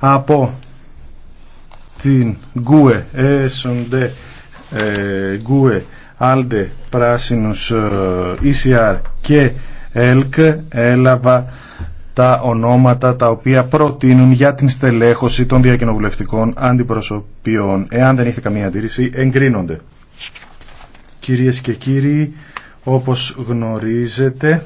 από την Γκουε Έσοντε ε, ε, Γκουε Άλντε Πράσινους ECR ε, και ΕΛΚ έλαβα τα ονόματα τα οποία προτείνουν για την στελέχωση των διακοινοβουλευτικών αντιπροσωπιών. Εάν δεν είχε καμία αντίρρηση, εγκρίνονται. Κυρίες και κύριοι, όπως γνωρίζετε,